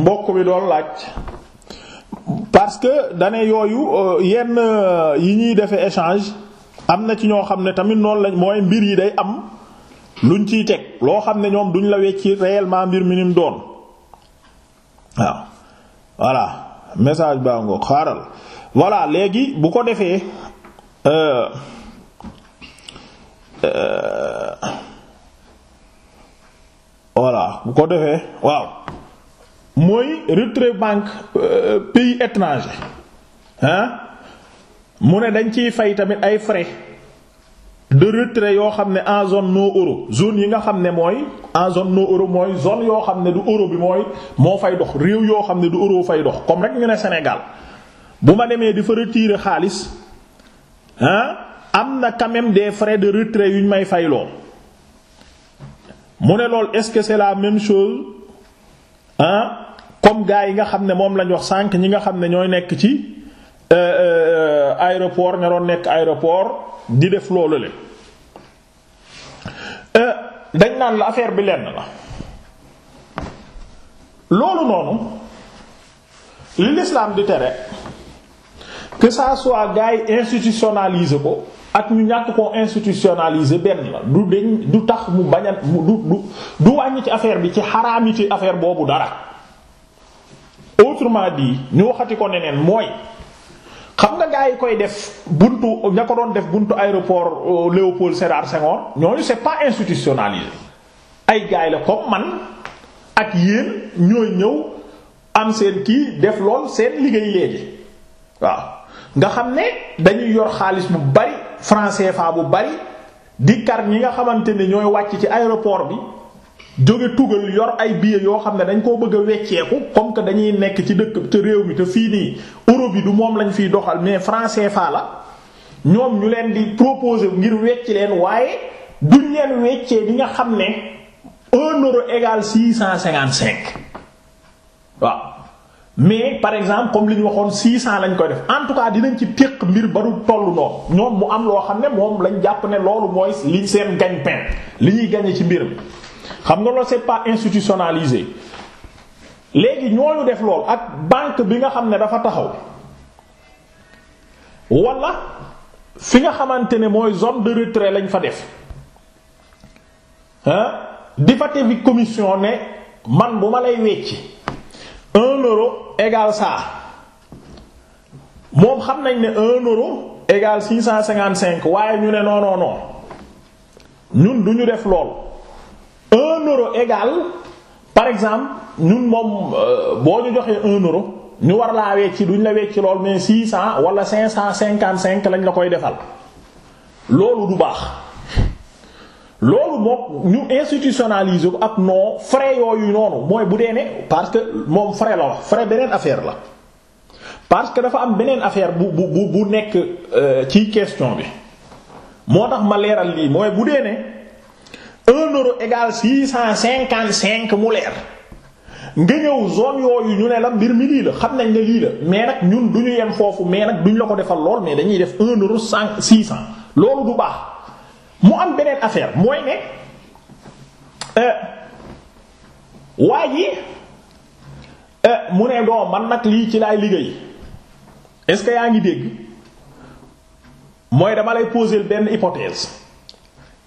mbokk bi doon laaj parce que dane yooyu euh, yenn euh, yi ñuy defee échange am na ci ñoo xam ne tamit noonu lañ mooy mbir yi day am luñ ciy teg loo xam ne ñoom duñ la wecci réellement mbir mi nim doon waaw voilà message baa ngoog xaaral voilà léegi bu ko defee euh, voilà bu ko defee waaw mooy retrait banque euh, pays étranger ah mu ne dañ ciy fay tamit ay frais de retrait yoo xam ne en zone non euro zone yi nga xam ne mooy en zone non euro mooy zone yoo xam ne du euro bi mooy moo fay dox réew yoo xam ne du euro fay dox comme rek ñu ne Sénégal bu ma demee di fa retirer xaalis ah am na quand même des frais de retrait yu ñu may fay lool mu ne lool est-ce que c'est la même chose comme gars yi nga xam ne moom lañ wax sànq ñi nga xam ne ñooy nekk ci euh, euh, aéroport ña doon nekk aéroport di def loolu le euh, dañ naan la affaire bi lenn la loolu noonu li l'islam di tere que ça soit gars yi institutionnalisé ko ak ñu ñàkk ko institutionnalisé benn la du deñ du tax mu bañ a du du du wàññi ci affaire bi ci xaraami ci affaire boobu dara. autrement dit ñu waxati ko neneen mooy xam nga gaa yi koy def buntu ña ko doon def buntu aéroport euh, Léopold Sédar Senghor ñooñu c'est pas institutionnalisé ay gaa yi la comme man ak yéen ñooy ñëw am seen kii def lool seen liggéey léegi waaw nga xam ne dañuy yor xaalis bu bari franc CFA bu bari di kar ñi nga xamante ni ñooy wàcc ci aéroport bi jóge tugal yor ay billets yoo xam ne dañ koo bëgg a wecceeku que dañuy nekk ci dëkk te réew mi te fii nii euro bi du moom lañ fiy doxal mais franc CFA la ñoom ñu leen di proposer ngir wecci leen waaye duñ leen weccee di nga xam ne un euro égal cent cinquante cinq waaw mais par exemple comme li ñu waxoon six cent lañ koy def en tout cas dinañ ci téq mbir ba du tollu noonu ñoom mu am loo xam ne moom lañ jàpp ne loolu mooy li seen gagne-pain li ñuy gagner ci mbir mi xam nga loolu c'est pas institutionnalisé. léegi ñooñu def lool ak banque bi nga xam ne dafa taxaw wala fi nga xamante ne mooy zone de retrait lañ fa def hein di fa tevi commission ne man bu ma lay wecci un euro égal ça moom xam nañ ne un euro égal six cinquante cinq waaye ñu ne non non ñun du ñu def lool un euro égal par exemple ñun moom euh, boo ñu joxee un euro ñu war laa wecci duñ la wecci lool mais six cent wala cinq cent cinquante cinq lañ la koy defal loolu du baax loolu moom ñu institutionnaliser ko ak non frais yooyu noonu mooy bu dee ne parce que moom frais la wax frais beneen affaire la parce que dafa am beneen affaire bu bu bu nekk euh, ci question bi moo tax ma leeral lii mooy bu dee ne. un euro égal six cent cinquante cinq mu leer nga ñëw zone yooyu ñu ne la mbir mi lii la xam nañ ne lii la mais nag ñun du ñu foofu mais nag duñ la ko defal lool mais dañuy def un euro cinq six cent loolu du baax mu am beneen affaire mooy ne euh, waa ji euh, mu ne doo man nag lii ci laay liggéey est-ce yaa ngi dégg mooy dama lay poser benn hypothèse.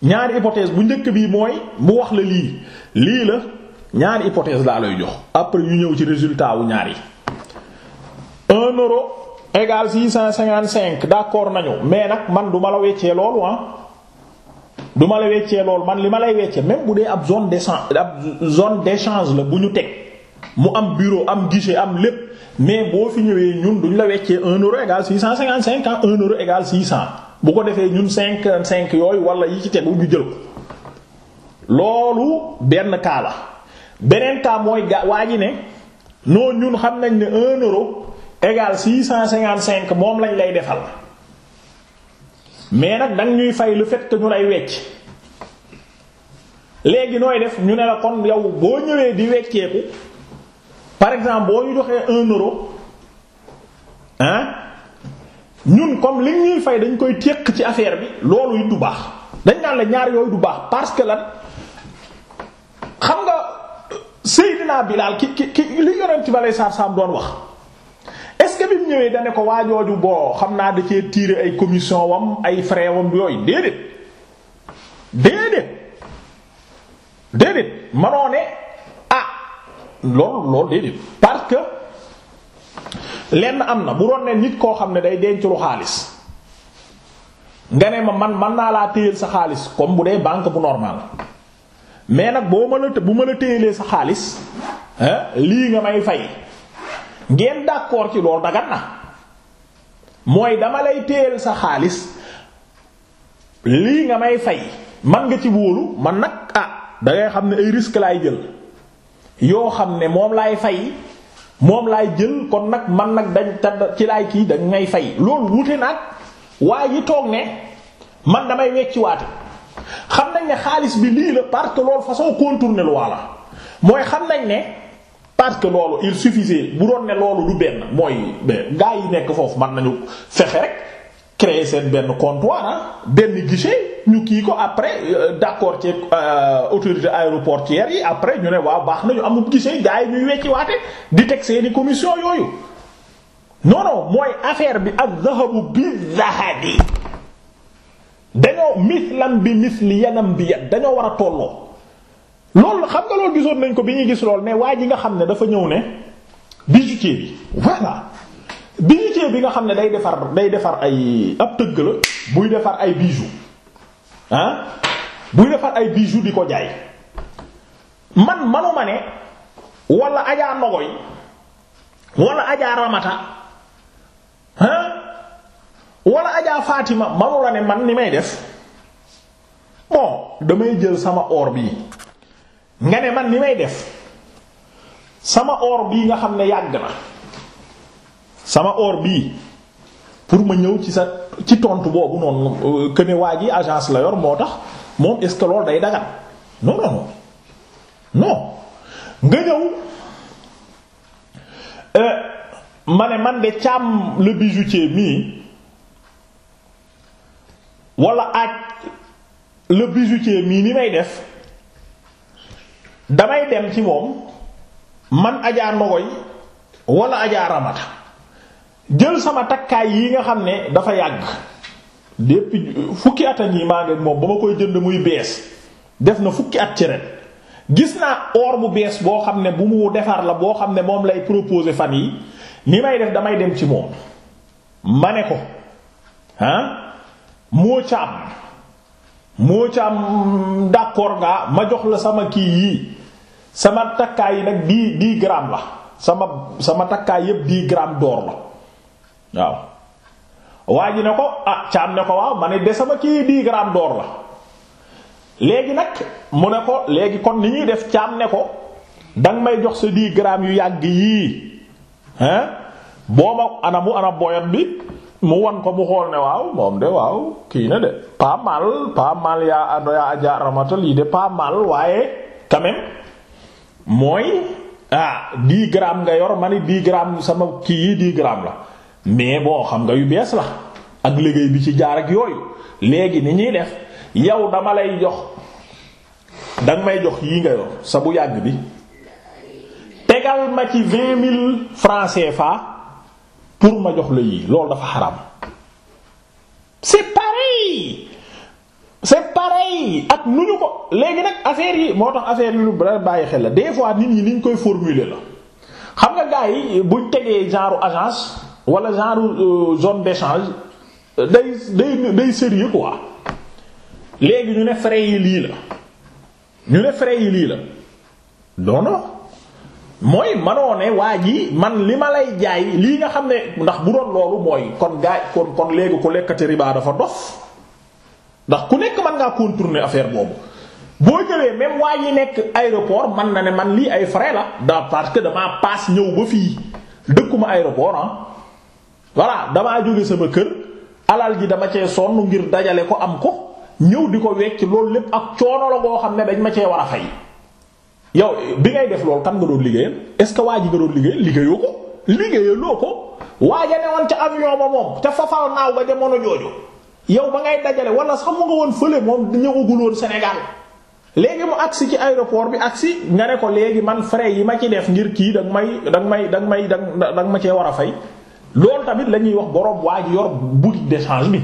ñaari hypothèse bu njëkk bii mooy mu wax la lii lii la ñaari hypothèse laa lay jox après ñu ñëw ci résultat wu ñaar yi un euro égal six cent cinquante cinq d'accord nañu mais nag man du ma la weccee loolu ah du ma la weccee loolu man li ma lay weccee même bu dee ab zone de ab zone d'échange la bu ñu teg mu am bureau am guichet am lépp mais boo fi ñëwee ñun duñu la weccee un euro égal six cent cinquante cinq ah un euro égal cent bu ko defee ñun cinquante cinq yooyu wala yi ci tegu ñu jël ko loolu benn kaala la beneen cas mooy ga waa ji ne noo ñun xam nañ ne un euro égal six cent cinquante cinq moom lañ lay defal mais nag danga ñuy fay le fait que ñu lay wecc léegi nooy def ñu ne la kon yow boo ñëwee di wecceeku par exemple boo ñu joxee un euro hein ñun comme li ñuy fay dañ koy téq ci affaire bi loolu it du baax dañ naan la ñaar yooyu du baax parce que lan xam nga Seydina Bilal ki ki ki li yonent bi aleyhi salaatu doon wax est-ce que bi mu ñëwee da ko waa jooju boo xam naa da cee tiire ay commission wam ay frais wam yooyu déedéet déedéet déedéet manoo ne ah loolu loolu déedéet. lenn am na bu doon ne nit koo xam ne day denc lu xaalis nga ne ma man man naa laa téyel sa xaalis comme bu dee banque bu normal mais nag boo ma la bu ma la téyelee sa xaalis lii fay ngeen d'accord ci loolu dagat mooy dama lay téyel sa xaalis lii nga may fay man nga ci wóolu man nag ah da xam ne ay risque laay jël yoo xam ne moom laay fay. moom laay jël kon nag man nag dañ tadd ci laay kii dañ may fay loolu wute nag waa ji toog ne man damay wecci waate xam nañ ne xaalis bi lii la parce que loolu façon contourner loi la mooy xam nañ ne parce que loolu il suffisait bu doon ne loolu du benn mooy gaa yi nekk foofu man nañu fexe rek créer seen benn comptoir ah benn guichet ñu kii ko après euh, d'accord ci euh, autorité aéroportuaire yi après ñu ne waaw baax nañu amul gisee gars yi ñuy wecci waate di teg seeni commission yooyu non non mooy affaire bi ak zahabu bi zahabi dañoo mislam bi misli yanam bi dañoo war a tolloo loolu xam nga loolu gisoon nañ ko bi ñu gis lool ne waa ji nga xam ne dafa ñëw ne bijoutier bi voilà bijoutier bi nga xam ne day defar day defar ay ab tëgg la buy defar ay bijoux ah buy defar ay bijoux di ko jaay man manuma ne wala ajaa nogoy wala ajaa ramata ah wala ajaa Fatima manula ne man ni may def bon damay jël sama or bii nga ne man ni may def sama or bii nga xam ne yàgg na sama or bii pour ma ñëw ci sa ci tontu boobu noonu euh, que ne waa ji agence la yor moo tax moom est day dagan non non non nga ñëw euh, ma man de càmm le bijoutier mii wala aaj le bijoutier mii ni may def damay dem ci moom man Adja Nogoy wala Adja Ramata. jël sama takkaay yi nga xam ne dafa yàgg depuis fukki at yi maa ngi moom ba ma koy jënd muy bees def na fukki at ci gis naa or bu bees boo xam ne bu mu defar la boo xam ne moom lay proposer fan yi ni may def damay dem ci moom ma ne ko ah moo ca am moo ca am d'accord nga ma jox la sama kii yii sama takkaay yi nag dix dix grammes la sama sama takkaay yépp dix grammes d'or la waaw waa ji ne ko ah caam ne ko waaw ma ne de sama kii dix grammes d'or la léegi nag mu ne ko léegi kon ni ñuy def caam ne ko danga may jox sa dix grammes yu yàgg yii hein booba anamu ana boyot bi mu wan ko mu xool ne waaw moom de waaw kii na de pas mal pas mal yaa adoya aja ramata lii de pas mal waaye quand mooy ah dix nga yor ma ne dix grammes sama kii yi dix grammes la mais boo xam nga yu bees la ak liggéey bi ci jaar ak yooyu léegi ni ñuy def yow dama lay jox danga may jox yi nga yor sa bu yàgg bi tegal ma ci vingt mille francs CFA pour ma jox la yii loolu dafa xaram c'est pareil c'est pareil ak nu ñu ko léegi nag affaire yi moo tax affaire yi lu bàyyi xel la des fois nit ñi niñ koy formule la xam nga gars yi buñ tegee genre agence wala genre euh, zone d'échange euh, day day day sérieux quoi léegi ñu ne frais yi lii la ñu ne frais yi lii la non non mooy manoo ne waa ji man li ma lay jaay lii nga xam ne ndax bu doon loolu mooy kon gaay kon kon léegi ku lekkati riba dafa dof ndax ku nekk mën ngaa contourner affaire boobu boo jëlee même waa ji nekk aéroport man na ne man lii ay frais la da parce que damaa paas ñëw ba fii dëkkuma aéroport ah voilà damaa jóge sama kër alal ji dama cee sonn ngir dajale ko am ko ñëw di ko wecc loolu lépp ak coono la goo xam ne dañ ma cee war a fay. yow bi ngay def loolu kan nga doon liggéeyal est-ce que waa ji nga doon liggéeyal liggéeyoo ko liggéeyaloo ko waaja ne woon ca avion ba moom ca fafal naaw ba jamono jooju yow ba ngay dajale wala sax mu nga woon fële moom ñëwagul woon Sénégal. léegi mu agsi ci aéroport bi agsi nga ne ko léegi man frais yi ma ci def ngir kii danga may danga may danga may danga ma cee war a fay loolu tamit lañuy wax borom waa ji yor boutique d'échange bi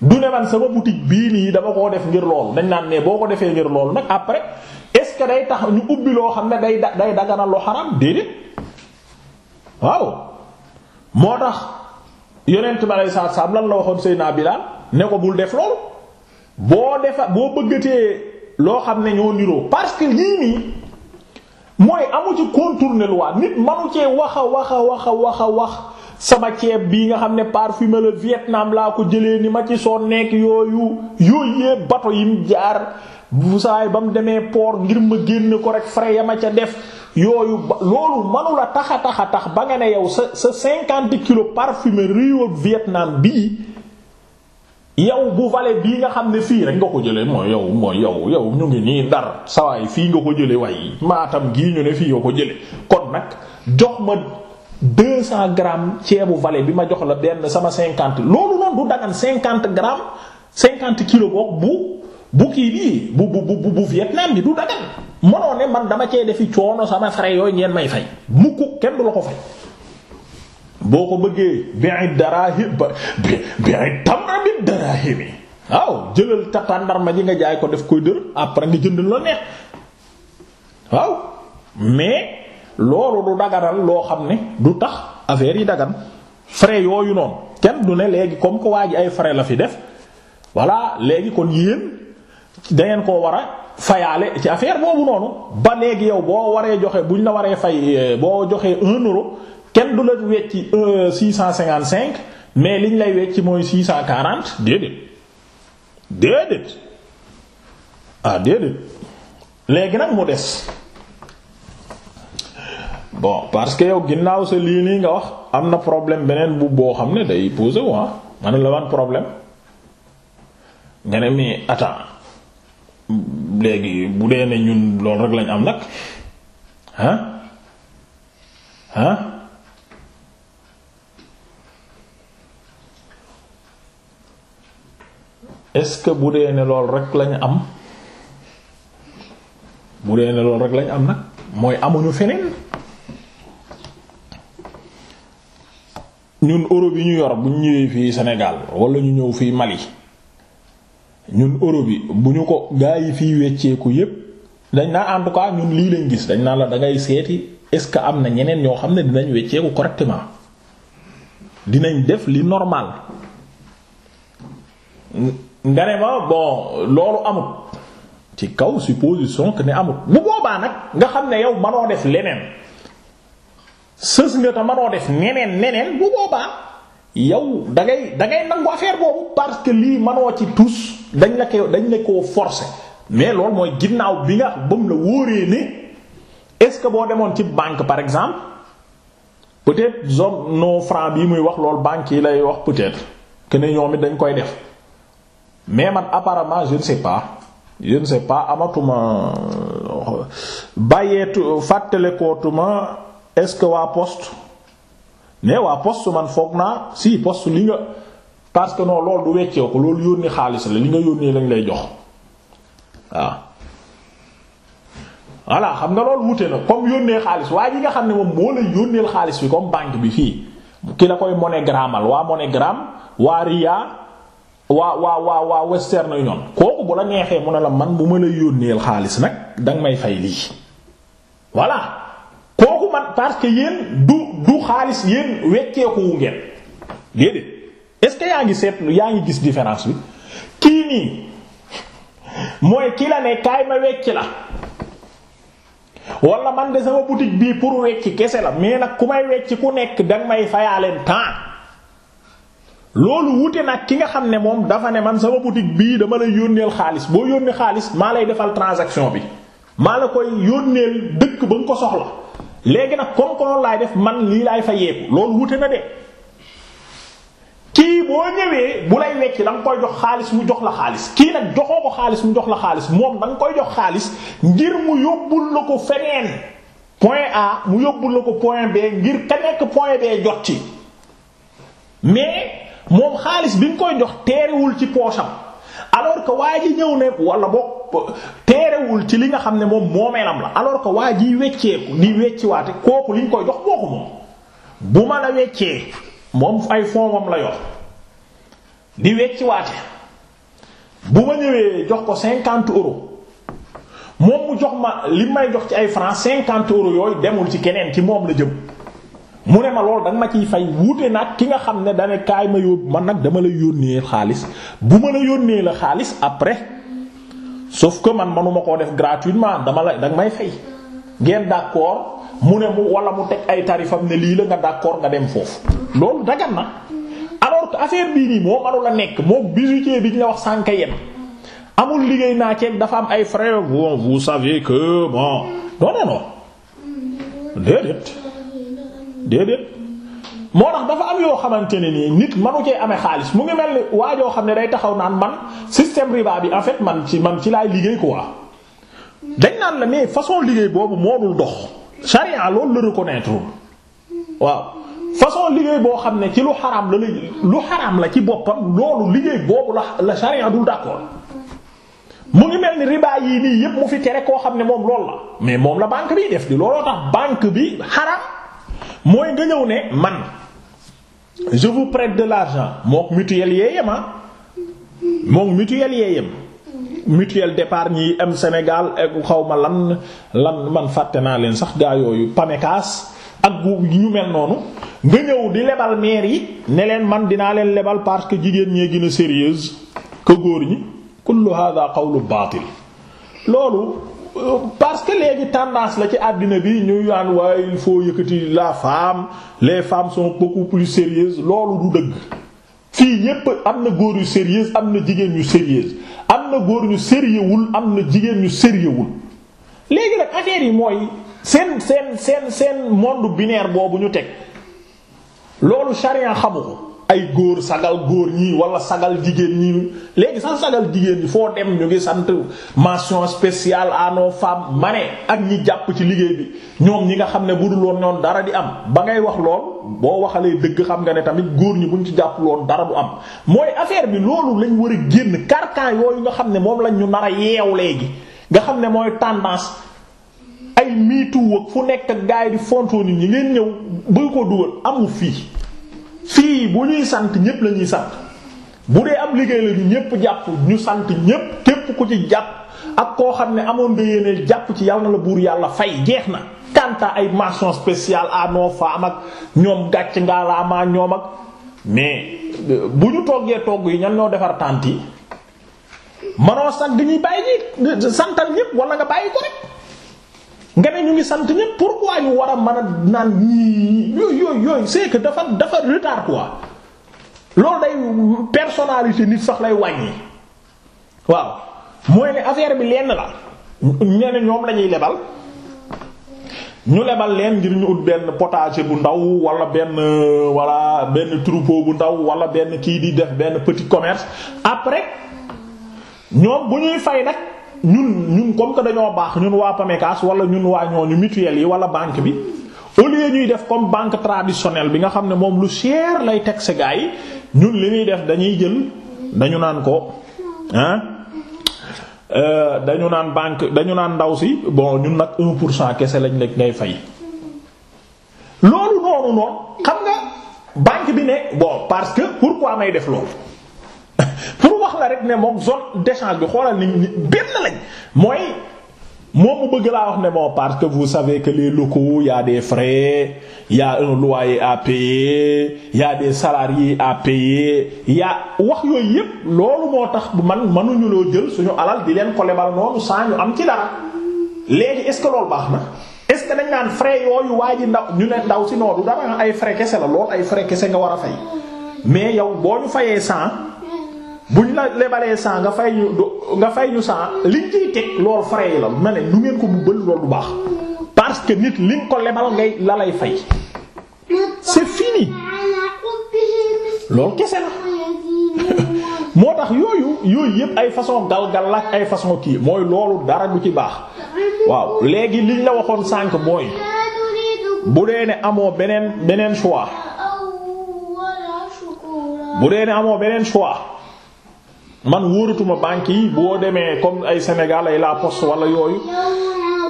du ne man sama boutique bii nii dama koo def ngir loolu dañ naan ne boo ko defee ngir loolu nag après est-ce que day tax ñu ubbi loo xam ne day day daganal lu xaram déedéet waaw moo tax yonent bi aleyhi salaatu salaam lan la waxoon Seydina Bilaal ne ko bul def loolu boo defa boo bëggatee loo xam ne ñoo niroo parce que lii nii mooy amu ci contourner loi nit manu cee wax a wax a wax a wax a wax sama ceeb bii nga xam ne parfumé le Vietnam laa ko jëlee ni ma ci soo nekk yooyu yooyee bato yim jaar bu saay ba mu demee port ngir ma génn ko rek frais ya ma ca def yooyu loolu manula taxa taxa tax ba nga ne yow sa sa cinquante kilos parfumé Rio Vietnam bi yow bu vale bii nga xam ne fii rek nga ko jëlee mooy yow mooy yow yow ñu ngi nii dar sawaay fii nga ko jële waaye maatam gii ñu ne fii nga ko jële kon nag jox ma deux cent gramme ceebu vallée bi ma jox la benn sama cinquante loolu noonu du dagan cinquante grammes cinquante kilos boog bu bu kii bii bu bu bu bu Vietnam bi du dagan mënoo ne man dama cee fi coono sama frais yooyu ngeen may fay mukk kenn du la ko fay. boo ko bëggee bi'i darahim bi bi'i tamra bi darahim waaw jëlal tàndarma ji nga jaay ko def koy dër après nga jënd la neex waaw mais. loolu du daganal loo xam ne du tax affaire yi dagan frais yooyu noonu kenn du ne léegi comme que waa ji ay frais la fi def voilà léegi kon yéen dangeen koo war a fayaale ci affaire boobu noonu ba léegi yow boo waree joxe buñ la waree fay euh, boo joxee un euro kenn du la wecci euh, six cent cinquante cinq mais liñ lay wecci mooy six cent quarante déedéet déedéet ah déedéet léegi nag mu des. bon parce que yow ginnaaw sa lii nii nga wax am na problème beneen bu boo xam ne day posé wu ah ma ne la wan problème nga ne mais attends léegi bu dee ne ñun loolu rek lañ am nag ah ah est-ce que bu dee ne loolu rek lañ am bu ne loolu rek lañ am nag mooy amuñu feneen. ñun Europe yi ñu yor bu ñu ñëwee fii Sénégal wala ñu ñëw fii Mali ñun Europe yi bu ñu ko gaa yi fii wecceeku yépp dañ naa en tout cas ñun lii lañ gis dañ naa la dangay seeti est-ce que am na ñeneen ñoo xam ne dinañ wecceeku correctement dinañ def li normal nga ne ma bon loolu amut ci kaw supposition que ne amut bu boobaa nag nga xam ne yow manoo def leneen. sës nga te manoo def neneen neneen bu boobaa yow da ngay da nangu affaire boobu parce que lii manoo ci tus dañ la ko dañ la koo forcer mais loolu mooy ginnaaw bi nga ba mu la wóoree ne est-ce que boo demoon ci banque par exemple peut-être zone non franc bii muy wax lool banque yi lay wax peut-être que ñoom it dañ koy def mais man apparemment je ne sais pas je ne sais pas amatuma euh, bàyyeetu fàttalekootuma est-ce que waa post mais waa poste man foog naa si poste li nga parce que non loolu du weccee ko loolu yónni xaalis la li nga yónnee lañ lay jox waaw. voilà xam nga lool wute na comme yónnee xaalis waa ji nga xam ne moom moo lay yónneel xaalis fi comme banque bi fii ki la koy MoneyGramal waa waa Ria waa waa waa waa Western Union kooku bu la neexee mu ne la man bu ma lay yónneel xaalis nag danga may fay lii voilà. parce que yéen du du xaalis yéen wecceekuwu ngeen déedéet est-ce que yaa ngi seetlu yaa ngi gis différence bi kii nii mooy ki la ne kaay ma wecc la wala man de sama boutique bii pour wecc kese la mais nag ku may wecc ku nekk danga may fayaaleen temps loolu wute nag ki nga xam ne moom dafa ne man sama boutique bii dama lay yónneel xaalis boo yónnee xaalis maa lay defal transaction bi maa la koy yónneel dëkk ba nga ko soxla léegi nag comme que loolu laay def man lii laay fa yeeku loolu wute na de kii boo ñëwee bu lay wecc da koy jox xaalis mu jox la xaalis kii nag joxoo ko xaalis mu jox la xaalis moom da koy jox xaalis ngir mu yóbbul la ko feneen point A mu yóbbul la ko point B ngir ka nekk point B jot ci mais moom xaalis bi nga koy jox teerewul ci poosam alors que waa ji ñëw ne wala bokk teerewul ci li nga xam ne moom moomeelam la alors que waa jiy wecceeku di wecciwaate kooku liñ koy jox bokku moom bu ma la weccee moom ay foomam la yor di wecciwaate bu ma ñëwee jox ko cinquante euros moom mu jox ma li may jox ci ay francs cinquante euros yooyu demul ci keneen ci moom la jëm mu ne ma loolu danga ma ciy fay wuute nag ki nga xam ne dane kaay ma yóbbu man nag dama la yónnee xaalis bu mën a yónnee la xaalis après sauf que man manuma koo def gratuitement dama la danga may fay ngeen d'accord mu ne mu wala mu teg ay tarifam ne lii la nga d'accord nga dem foofu loolu dagan na alors que affaire bii nii moo manu la nekk moo bijoutier bi ñu la wax sànka yem amul liggéey naa ceeb dafa am ay frais bon vous savez que bon non non déedéet déedéet moo tax dafa am yoo xamante ne nii nit manu cee amee xaalis mu ngi mel ni waa xam ne day taxaw naan man système riba bi en fait man ci man ci laay liggéey quoi. dañ naan la mais façon liggéey boobu moo dul dox charia loolu la reconnaître waaw façon liggéey boo xam ne ci lu xaraam la lu xaraam la ci boppam loolu liggéey boobu la la charia dul d'accord mu ngi mel ni riba yii nii yépp mu fi tere koo xam ne moom loolu la mais moom la banque bi def di looloo tax banque bi xaraam mooy nga ne man. je vous prête de l'argent mook mutuelle yee yem ah mook mutuelle yee yem mutuelle d'épargne yi am senegal ak xaw ma lan lan man fàtte naa leen sax gaa yooyu PAMECAS ak bu ñu mel noonu nga ñëw di lebal maire yi ne leen man dinaa leen lebal parce que jigéen ñee gën a sérieuse que góor ñi kullu hada lu baatil loolu parce que léegi tendance la ci àddina bi ñu yaan waaye il faut yëkkati la femme les femmes sont beaucoup plus sérieuses loolu du dëgg fii ñépp am na góor yu sérieux am na jigéen yu sérieux am na góor yu sérieuxwul am na jigéen ñu sérieuxwul léegi nag affaire yi mooy seen seen seen seen monde binaire boobu ñu teg loolu charia xamu ko ay góor sagal góor ñi wala sagal jigéen ñi léegi sax sagal jigéen ñi foo dem ñu ngi sant mention spéciale à nos femmes ma ak ñi jàpp ci liggéey bi ñoom ñi nga xam ne bu dul woon noonu dara di am ba ngay wax lool boo waxalee dëgg xam nga ne tamit góor ñi buñ ci jàpp loon dara du am. mooy affaire bi loolu lañ war a génn carcan yooyu nga xam ne moom lañ ñu nar a yeew léegi nga xam ne mooy tendance. ay miitu wëg fu nekk ak gaay di fonto nit ñi ngeen ñëw bëgg ko dugal amu fii fii bu ñuy sant ñépp lañuy sant bu dee am liggéey la ñu ñépp jàpp ñu sant ñépp képp ku ci jàpp ak koo xam ne amoon nga jàpp ci yàlla na la buur yàlla fay jeex na. kanta ay mention spéciale à nos femmes ak ñoom gàcc ngaa laa maa ñoom ak mais euh, bu ñu toggee togg yi ñan ñoo defar tànt yi manoo sant dañuy bàyyi ji santal ñépp wala nga bàyyi ko rek. nga ne ñu ngi sant ñépp pourquoi ñu war a mën a naan yii yooyu yooyu yooyu c'est que dafa dafa retard quoi loolu day personnalité nit sax lay wàññi waaw mooy ne affaire bi lenn la ñeneen ñoom lañuy lebal ñu lebal leen ngir ñu ut benn potager bu ndaw walla benn wala benn troupeau bu ndaw wala benn kii di def benn petit commerce après ñoom bu ñuy fay nag. ñun ñun comme que dañoo baax ñun waa PAMECAS wala ñun waa ñooñu mutuelle yi wala banque bi au ñuy def comme banque traditionnelle bi nga xam ne moom lu cher lay teg sa gars yi ñun li ñuy def dañuy jël dañu naan ko ah dañu naan banque dañu naan ndaw si bon ñun nag 1 pour cent kese lañ la ngay fay. loolu noonu noonu xam nga banque bi ne bon parce que pourquoi may def loolu. wax la rek ne moom zone d'échange bi xoolal ni benn lañ mooy moom mu bëgg laa wax ne moom parce que vous savez que les locaux y a des frais y a un loyer à payer y a des salariés à payer wax yooyu yépp loolu moo tax bu man mënuñu loo jël suñu alal di leen ko lebal noonu saa ñu am ci dara léegi est-ce que loolu baax na est-ce que dañ naan frais yooyu waa ji ndaw ñu ne ndaw si noodu dara ay frais kese la lool ay frais kese nga war a fay mais yow boo ñu fayee cent buñ la lebalee cent nga fay ñu nga fay ñu cent liñ ciy teg loolu frais la ma ne nu ngeen ko mu bël loolu bu baax parce que nit liñ ko lebal ngay la lay fay c'est loolu kese la moo tax yooyu yooyu yépp ay façon galgal la ak ay façon kii mooy loolu dara du ci baax waaw léegi liñ la waxoon sànq mooy bu dee ne amoo beneen beneen choix bu dee ne amoo beneen choix. man wóoratuma banque yi boo demee comme ay Sénégal ay la poste wala yooyu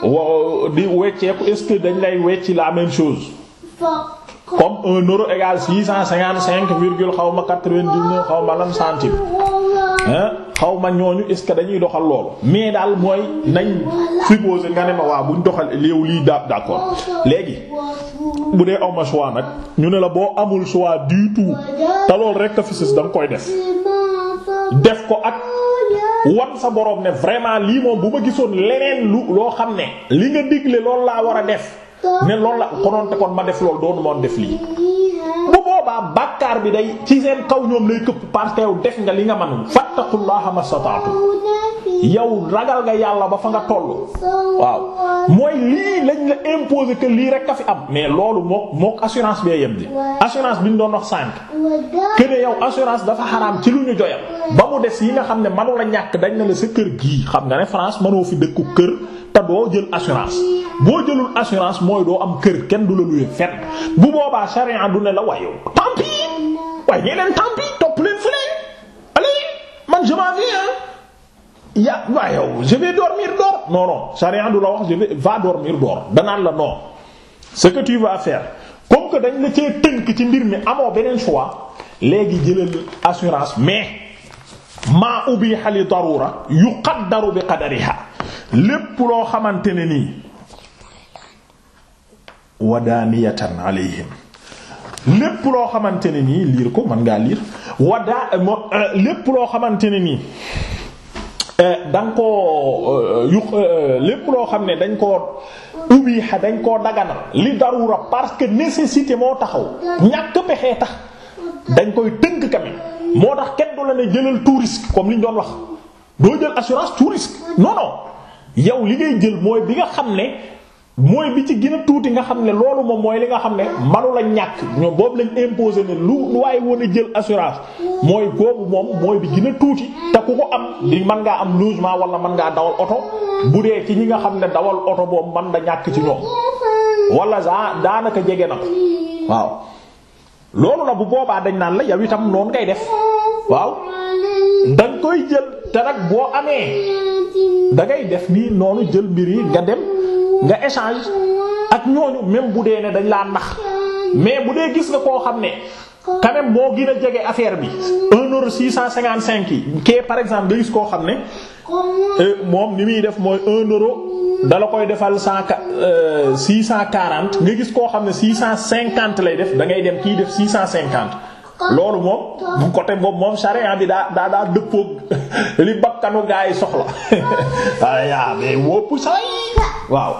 wa di wecceeku est-ce que dañ lay wecci la même chose comme un euro égal six cent cinquante-cinq virgule xaw ma quatre-vingt-dix-neuf xaw ma lan centime xaw ma ñooñu est-ce que dañuy doxal loolu mais daal mooy nañ supposé nga ne ma waa buñ doxal léew lii daab d'accord léegi bu dee awma choix nag ñu ne la boo amul choix du tout te loolu rek a fi sis danga koy def def ko ak wan sa borom ne vraiment lii moom bu ma gisoon leneen lu loo xam ne li nga dégle loolu laa war a def ne loolu la konoon kon ma def loolu doonu moon def lii bu boobaa bàkkaar bi day ci seen kaw ñoom lay këpp parce que def nga li nga mënul fattaqullaha masata'tu yow ragal nga yàlla ba fa nga toll waaw mooy lii lañ la imposer que lii rek a fi am mais loolu mook mook assurance bee yem di assurance bi ñu doon wax sànq que ne yow assurance dafa xaraam ci lu ñu joyal ba mu des yi nga xam ne manu la ñàkk dañ na la sa kër gii xam nga ne France mënoo fi dëkku kër te doo jël assurance boo jëlul assurance mooy doo am kër kenn du la luye fenn bu boobaa charia du ne la wayow tant waaye ñeneen tant topp leen fu ya waa yow je vais dormir dors non non du la wax je va dormir dors danaan la non ce que tu vas faire comme que dañ la cee tënk ci mbir mi amoo beneen choix léegi jëlal assurance mais maa ubiha li darura yuqaddaru bi qadariha lépp loo xamante ne nii wadaaniyatan alayhim lépp loo xamante ne nii liir ko mën ngaa liir wadaa euh, lépp loo xamante ne nii Euh, da ko euh, euh, lépp loo xam ne dañ koo ubiixa dañ koo dagana li darura parce que nécessité moo taxaw ñàkk pexee tax dañ koy tënk kamit moo tax kenn du la ne jëlal tout comme li ñu doon wax doo jël assurance tout risque yow li ngay jël mooy bi nga xam ne mooy bi ci gën tuuti nga xam ne loolu moom mooy li nga xam ne manu la ñàkk ñoo boobu lañ imposé ne lu waaye wan a jël assurance mooy boobu moom mooy bi gën tuuti te ku ko am di man ngaa am logement wala mën ngaa dawal oto bu dee ci ñi nga xam ne dawal oto boobu man da ñàkk ci ñoom wala a daanaka jege na ko waaw loolu la bu boobaa dañ naan la yow itam noonu ngay def waaw danga koy jël te nag boo amee dangay ngay def nii noonu jël mbir yi nga dem nga échange ak ñooñu même bu dee ne dañ laa nax mais bu dee gis nga koo xam ne quand même moo gën a jege affaire bi un euro six cent cinquante cinq yi kee par exemple nga gis koo xam ne euh, moom ni muy def mooy un dala koy defal cent euh, six cent quarante nga koo xam ne six cent cinquante lay def da ngay dem kii def six cent cinquante loolu moom bu côté boobu moom charia bi daa daa daa dëppoog li bakkanu gaa yi soxla aya ah, mais wópp say waaw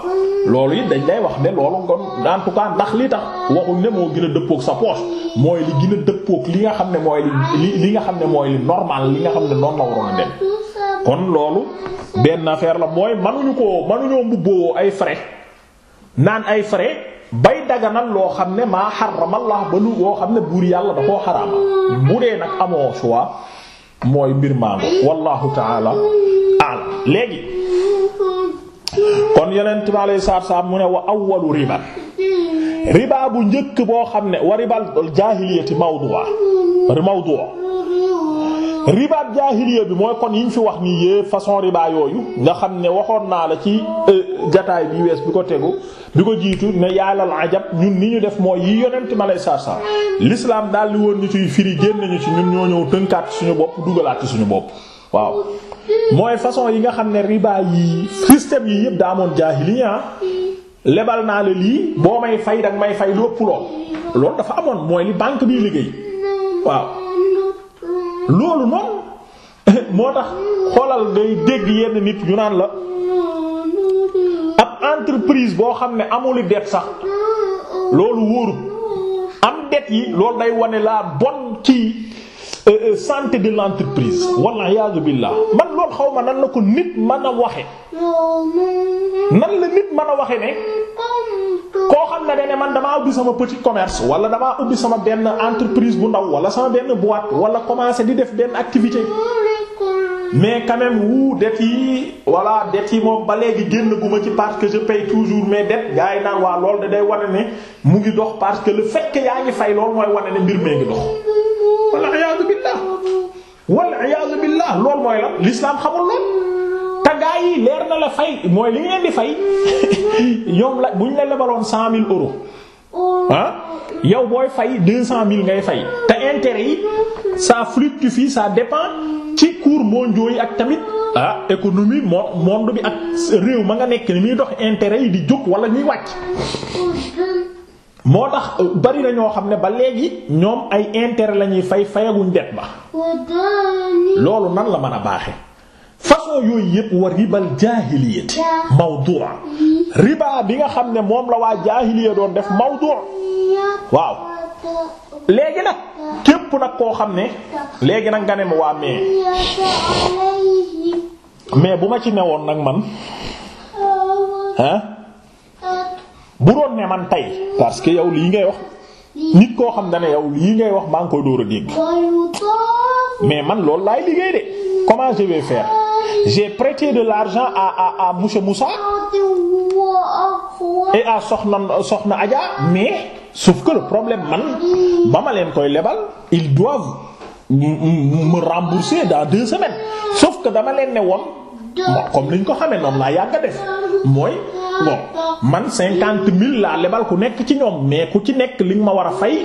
loolu it dañ lay wax ne loolu kon en ndax li tax waxuñ ne moo gën a dëppook sa poche mooy li gën dëppook li nga xam ne mooy li li nga xam ne mooy li normal li nga xam ne noonu la waroon a dem kon loolu benn affaire la mooy mënuñu koo mënuñoo mbubboo ay frais naan ay frais bay daganal loo xam ne maa xaramallah ba lu loo xam ne buur yàlla da koo xaraama bu dee nag amoo choix mooy mbir maango wallahu taala alam léegi kon yonent bi alayhi salaatu salaam mu ne wa awwalu riba riba bu njëkk boo xam ne wa ribal jaahiliyati mawdu'a mawdu' ribaab jaahiliya bi mooy kon yi ñu fi wax nii yépp façon ribaa yooyu nga xam ne waxoon naa la ci euh, jataay bi wees bi ko tegu bi ko jiitu ne yàllal ajab ñun ni ñu def mooy yi yonent ma lay sarsan lislaam daal li woon ñu ciy firi génn ñu ci ñun ñoo ñëw tënkaat suñu bopp dugalaat ci suñu bopp waaw mooy façon yi nga xam ne riba yi système yi yépp daa amoon jaahiliya lebal naa la lii boo may fay danga may fay lu ëpp lool loolu dafa amoon mooy li bànk bi liggéey loolu noonu moo tax xoolal ngay dégg yenn nit yu naan la ab entreprise boo xam ne amul dette sax loolu wóorul am dette yi loolu day wane la bon ci euh, euh, santé de l'entreprise walla iyaazu billaah man loolu xaw ma nan la ko nit mën a waxe nan la nit mën a waxe ne koo xam ne dane man damaa ubbi sama petit commerce wala damaa ubbi sama benn entreprise bu ndaw wala sama benn boîte wala commencer di def benn activité mais quand wu det yi voilà det yi moom ba léegi génn bu ma ci parce que je paye toujours mais dettes gars yi naan waa lool da day wane ne mu ngi dox parce que le fait yaa ngi fay lool mooy wane ne mbir mee ngi dox wal iyaadu billah wal iyaadu billah lool mooy la l'islam xamul lool gaa yi leer na la fay mooy li ñu di fay ñoom la bu ñu la lebaloon cent mille euros oh. ah yow booy fay deux cent mille ngay fay te intérêt yi ça fluctue fii ça dépend ci cours mondiaux yi ak tamit ah économie moo monde bi ak réew ma nga nekk ni muy dox intérêt yi di jóg wala ñuy wàcc. moo tax euh, bari na ñoo xam ne ba léegi ñoom ay intérêt la ñuy fay fayaguñ det ba loolu nan la mën a baaxe yooyu yëpp wa ribal jaahiliyati mawdu' riba bi nga xam ne moom la waa jaahiliya doon def mawdu' waaw léegi nag képp nag koo xam ne léegi nag nga ne ma waa mais bu ma ci newoon nag man ah bu doon ne man tey parce que yow lii ngay wax nit koo xam ne yow lii ngay wax maa ngi koy dóor a dégg mais man loolu laay liggéey de comment je vais j'ai prêté de l'argent à a à monsieur Moussa et à Soxna Soxna Adja mais sauf que le problème man ba ma leen koy lebal ils doivent me rembourser dans deux semaines sauf que dama leen ne woon bon comme niñ ko xamee noonu laa yàgg def mooy bon man cinquante mille laa lebal ku nekk ci ñoom mais ku ci nekk li ma war a fay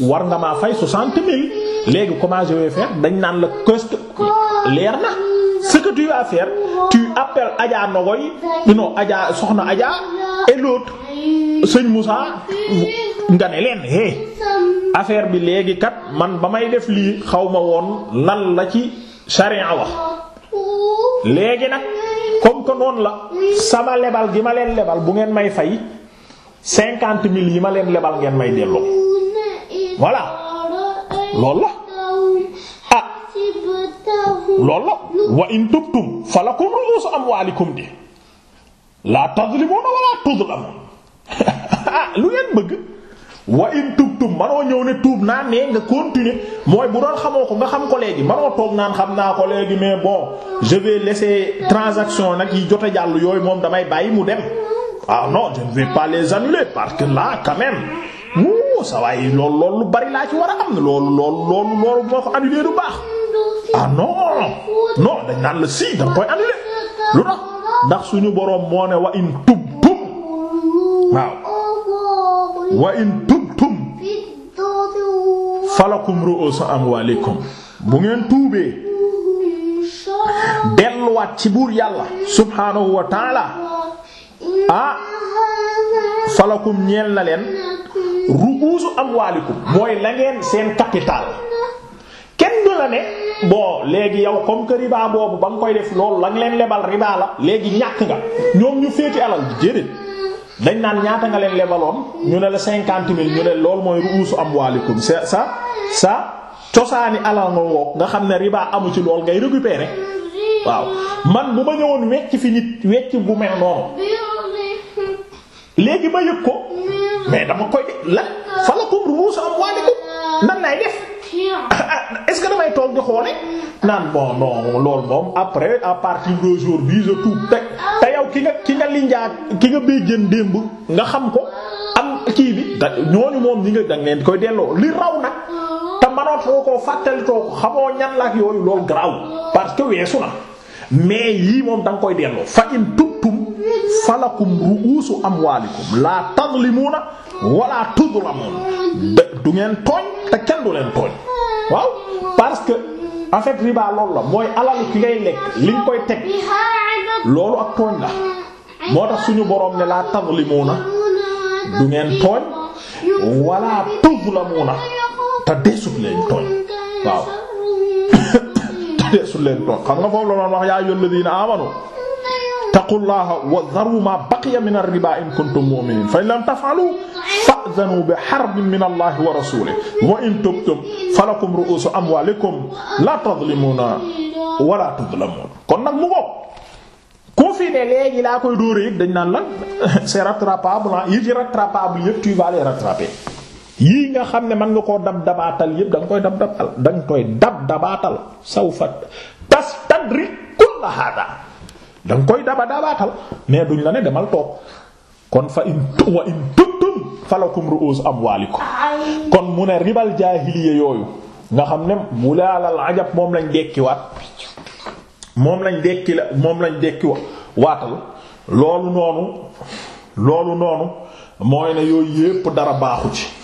war nga ma fay soixante mille léegi comment je vais dañ naan la coste leer na. ce que tu vas faire tu appelles Adja Nogoy euh, non Adja soxna Adja et sëñ Moussa nga ne leen hey bi léegi kat man ba may def lii xaw ma woon lan la ci charia wax léegi nag comme que noonu la sama lebal gi ma leen lebal bu ngeen may fay cinquante mille yi ma leen lebal ngeen may delloo voilà loolu la ah. loolu la wa in tubtum falakum ru'usu amwaalikum di laa tazlimuuna wala tuzlamuun lu ngeen bëgg wa in tubtum manoo ñëw ne tuub naa nee nga continuer mooy bu doon xamoo ko nga xam ko léegi manoo toog naan xam naa ko léegi mais boo je vais laisser transaction nag yi jot a jàll yooyu moom damay bàyyi mu dem ah non je ne vais pas les annuler parce que là sa waay loolu loolu bari laa ci war a am loolu loolu loolu loolu moo ko annulé du baax. ah non dañ naan la si da nga koy annulé lu tax ndax suñu boroom moo ne wa in tubtum waaw wa in tubtum falakum ru'usu amwalikum bu ngeen tuubee delluwaat ci buur yàlla subhaanahu wa ah, falakum ñeel na leen ru'usu amwalikum mooy la ngeen seen capital kenn la ne bon léegi yow comme que riba boobu ba nga koy def loolu lan leen lebal riba la léegi ñàkk nga ñoom ñu féeti alal jërét dañ naan ñaata nga leen lebaloon ñu ne la cinquante mille ñu ne loolu mooy ruusu amwaalikum c'est ça ça cosaani alal nga wook nga xam ne ribaa amu ci lool ngay récupérer waaw man bu ma ñëwoon wecc fi nit wecc bu mel noonu léegi ma yëg ko mais dama koy la falakum ruusu amwaalikum nan lay def est-ce que damay toog di xoole naan bon non lool moom après à partir d'aujourd'hui je tout teg te yow ki nga ki nga linjaag ki nga béjjën démb nga xam ko am kii bi da ñooñu moom ñi nga dang leen koy delloo li raw nag te manootoo koo fàttalitoo ko xamoo ñan laa ak yooyu loolu graw parce que weesu na mais yii moom danga koy delloo fa in tubtum falakum ru'usu amwaalikum laa tadlimuuna wala tudlamuun du ngeen tooñ te kenn du leen tooñ waaw parce que en fait riba la mooy alalu ki ngay lekk li nga koy teg loolu ak tooñ la moo tax suñu boroom ne laa tazlimuuna du ngeen tooñ wala tuzlamuuna te deesut leen tooñ waaw te deesut leen tooñ xam nga foofu la doon wax yaa ayyuhal ladiina amanu taqullaha wa dharu ma baqiya min ar-riba in kuntum mu'minin fa in lam taf'alu fa'zanu bi harbin min Allah wa rasulihi wa in tubtum falakum ru'usu amwalikum la tadhlimuna wa la tudhlamun kon nag mu bokk ku fi ne léegi laa koy dóor yëg dañ naan lan c'est rattrapable ah, yi ci rattrapable yëpp tu vas les rattraper yii nga xam ne mën nga koo dab dabaatal yëpp da nga koy dab dabaatal da nga koy dab dabaatal sawfa tastadrikul hada da nga koy daba dabaatal mais duñ la ne demal toog kon fa in wa in tubtum falakum ru'us amwalikum kon mu ne ribal jaahiliya yooyu nga xam ne mu laalal ajab moom lañ dekkiwaat moom lañ dekki moom lañ dekki waatal loolu noonu loolu noonu mooy ne yooyu yépp dara baaxu ci